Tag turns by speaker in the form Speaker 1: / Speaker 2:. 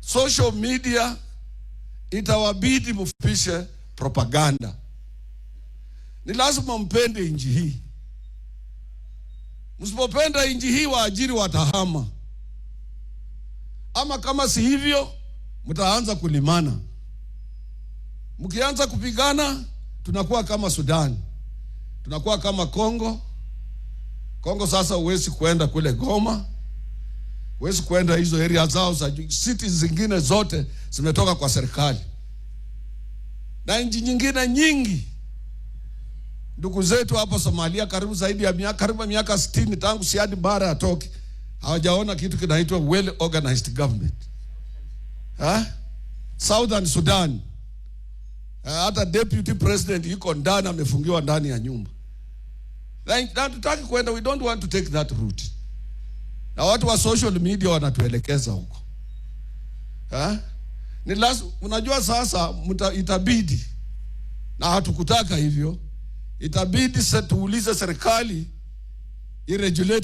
Speaker 1: social media itawabidi mufupishe propaganda. Ni lazima mpende nchi hii. Msipopenda nchi hii, waajiri watahama, ama kama si hivyo, mtaanza kulimana. Mkianza kupigana, tunakuwa kama Sudan, tunakuwa kama Kongo. Kongo sasa huwezi kuenda kule Goma Huwezi kuenda hizo area zao za City zingine zote zimetoka kwa serikali na nchi nyingine nyingi. Ndugu zetu hapo Somalia, karibu zaidi ya miaka karibu miaka 60 tangu Siad Barre atoke, hawajaona kitu kinaitwa well organized government ha? Southern Sudan hata deputy president yuko ndani, amefungiwa ndani ya nyumba. na, Hatutaki kwenda, we don't want to take that route na watu wa social media wanatuelekeza huko ha? Ni lazima unajua, sasa muta, itabidi na hatukutaka hivyo, itabidi tuulize serikali iregulate